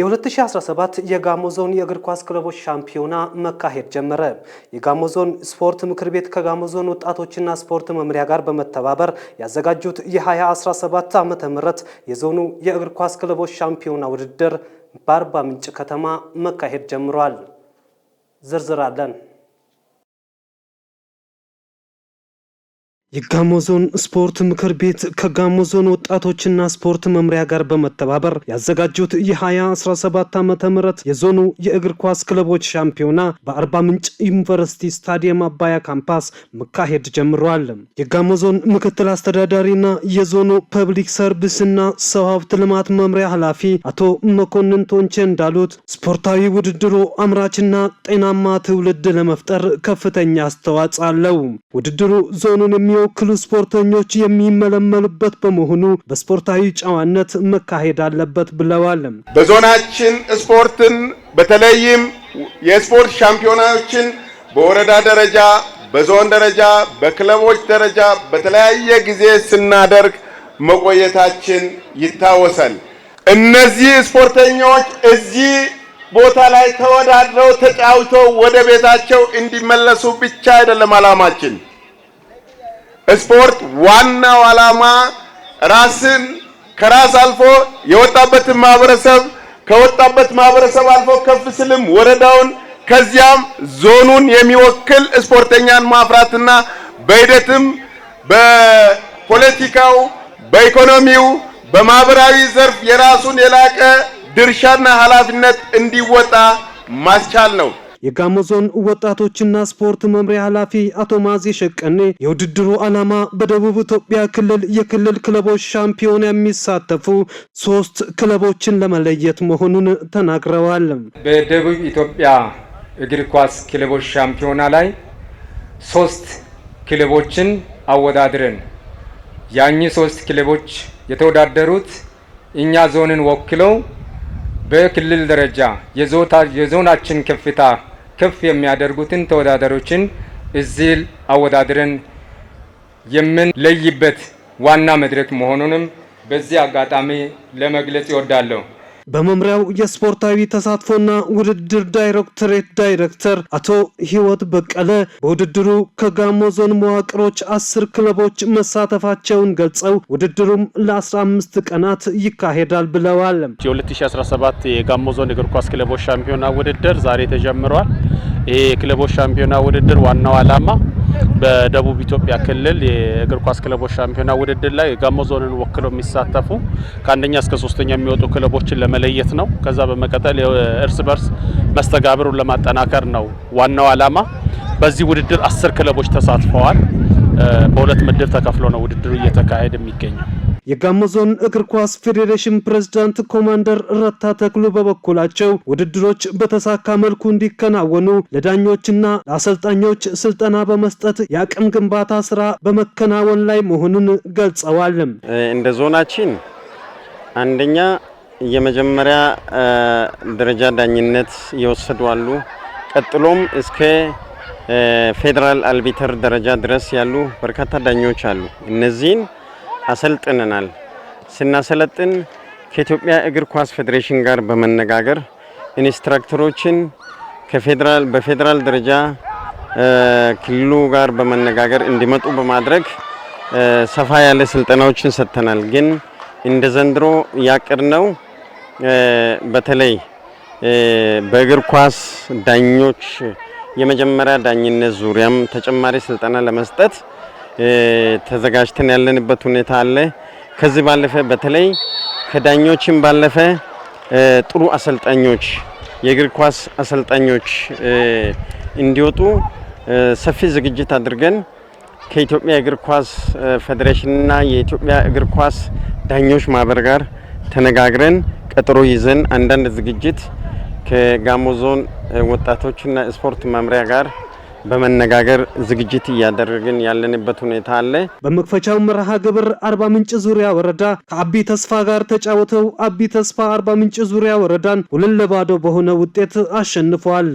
የ2017 የጋሞ ዞን የእግር ኳስ ክለቦች ሻምፒዮና መካሄድ ጀመረ። የጋሞ ዞን ስፖርት ምክር ቤት ከጋሞ ዞን ወጣቶችና ስፖርት መምሪያ ጋር በመተባበር ያዘጋጁት የ2017 ዓ ም የዞኑ የእግር ኳስ ክለቦች ሻምፒዮና ውድድር በአርባ ምንጭ ከተማ መካሄድ ጀምሯል። ዝርዝር አለን። የጋሞ ዞን ስፖርት ምክር ቤት ከጋሞ ዞን ወጣቶችና ስፖርት መምሪያ ጋር በመተባበር ያዘጋጁት የ2017 ዓ ም የዞኑ የእግር ኳስ ክለቦች ሻምፒዮና በአርባ ምንጭ ዩኒቨርሲቲ ስታዲየም አባያ ካምፓስ መካሄድ ጀምረዋል። የጋሞ ዞን ምክትል አስተዳዳሪና የዞኑ ፐብሊክ ሰርቪስና ሰው ሀብት ልማት መምሪያ ኃላፊ አቶ መኮንን ቶንቼ እንዳሉት ስፖርታዊ ውድድሩ አምራችና ጤናማ ትውልድ ለመፍጠር ከፍተኛ አስተዋጽኦ አለው። ውድድሩ ዞኑን የሚ የሚወክሉ ስፖርተኞች የሚመለመሉበት በመሆኑ በስፖርታዊ ጨዋነት መካሄድ አለበት ብለዋል። በዞናችን ስፖርትን በተለይም የስፖርት ሻምፒዮናዎችን በወረዳ ደረጃ፣ በዞን ደረጃ፣ በክለቦች ደረጃ በተለያየ ጊዜ ስናደርግ መቆየታችን ይታወሳል። እነዚህ ስፖርተኞች እዚህ ቦታ ላይ ተወዳድረው ተጫውተው ወደ ቤታቸው እንዲመለሱ ብቻ አይደለም አላማችን። ስፖርት ዋናው ዓላማ ራስን ከራስ አልፎ የወጣበትን ማህበረሰብ ከወጣበት ማህበረሰብ አልፎ ከፍ ስልም ወረዳውን ከዚያም ዞኑን የሚወክል ስፖርተኛን ማፍራትና በሂደትም በፖለቲካው፣ በኢኮኖሚው፣ በማህበራዊ ዘርፍ የራሱን የላቀ ድርሻና ኃላፊነት እንዲወጣ ማስቻል ነው። የጋሞ ዞን ወጣቶችና ስፖርት መምሪያ ኃላፊ አቶ ማዚ ሸቀኔ የውድድሩ ዓላማ በደቡብ ኢትዮጵያ ክልል የክልል ክለቦች ሻምፒዮን የሚሳተፉ ሶስት ክለቦችን ለመለየት መሆኑን ተናግረዋል። በደቡብ ኢትዮጵያ እግር ኳስ ክለቦች ሻምፒዮና ላይ ሶስት ክለቦችን አወዳድረን ያኚህ ሶስት ክለቦች የተወዳደሩት እኛ ዞንን ወክለው በክልል ደረጃ የዞናችን ከፍታ ከፍ የሚያደርጉትን ተወዳዳሪዎችን እዚህ አወዳድረን የምንለይበት ዋና መድረክ መሆኑንም በዚህ አጋጣሚ ለመግለጽ ይወዳለሁ። በመምሪያው የስፖርታዊ ተሳትፎና ውድድር ዳይሬክቶሬት ዳይሬክተር አቶ ህይወት በቀለ በውድድሩ ከጋሞ ዞን መዋቅሮች አስር ክለቦች መሳተፋቸውን ገልጸው ውድድሩም ለ15 ቀናት ይካሄዳል ብለዋል። የ2017 የጋሞ ዞን እግር ኳስ ክለቦች ሻምፒዮና ውድድር ዛሬ ተጀምሯል። ይሄ የክለቦች ሻምፒዮና ውድድር ዋናው ዓላማ በደቡብ ኢትዮጵያ ክልል የእግር ኳስ ክለቦች ሻምፒዮና ውድድር ላይ ጋሞ ዞንን ወክለው የሚሳተፉ ከአንደኛ እስከ ሶስተኛ የሚወጡ ክለቦችን ለመለየት ነው። ከዛ በመቀጠል እርስ በርስ መስተጋብሩን ለማጠናከር ነው ዋናው ዓላማ። በዚህ ውድድር አስር ክለቦች ተሳትፈዋል። በሁለት ምድብ ተከፍሎ ነው ውድድሩ እየተካሄደ የሚገኘው። የጋሞ ዞን እግር ኳስ ፌዴሬሽን ፕሬዝዳንት ኮማንደር ረታ ተክሉ በበኩላቸው ውድድሮች በተሳካ መልኩ እንዲከናወኑ ለዳኞችና ለአሰልጣኞች ስልጠና በመስጠት የአቅም ግንባታ ስራ በመከናወን ላይ መሆኑን ገልጸዋል። እንደ ዞናችን አንደኛ የመጀመሪያ ደረጃ ዳኝነት የወሰዱ አሉ። ቀጥሎም እስከ ፌዴራል አልቢተር ደረጃ ድረስ ያሉ በርካታ ዳኞች አሉ። እነዚህን አሰልጥነናል። ስናሰለጥን ከኢትዮጵያ እግር ኳስ ፌዴሬሽን ጋር በመነጋገር ኢንስትራክተሮችን ከፌዴራል በፌዴራል ደረጃ ክልሉ ጋር በመነጋገር እንዲመጡ በማድረግ ሰፋ ያለ ስልጠናዎችን ሰጥተናል። ግን እንደ ዘንድሮ ያቀድነው በተለይ በእግር ኳስ ዳኞች የመጀመሪያ ዳኝነት ዙሪያም ተጨማሪ ስልጠና ለመስጠት ተዘጋጅተን ያለንበት ሁኔታ አለ። ከዚህ ባለፈ በተለይ ከዳኞችን ባለፈ ጥሩ አሰልጣኞች፣ የእግር ኳስ አሰልጣኞች እንዲወጡ ሰፊ ዝግጅት አድርገን ከኢትዮጵያ እግር ኳስ ፌዴሬሽንና የኢትዮጵያ እግር ኳስ ዳኞች ማህበር ጋር ተነጋግረን ቀጠሮ ይዘን አንዳንድ ዝግጅት ከጋሞ ዞን ወጣቶችና ስፖርት መምሪያ ጋር በመነጋገር ዝግጅት እያደረግን ያለንበት ሁኔታ አለ። በመክፈቻው መርሃ ግብር አርባ ምንጭ ዙሪያ ወረዳ ከአቢ ተስፋ ጋር ተጫውተው አቢ ተስፋ አርባ ምንጭ ዙሪያ ወረዳን ሁለት ለባዶ በሆነ ውጤት አሸንፏል።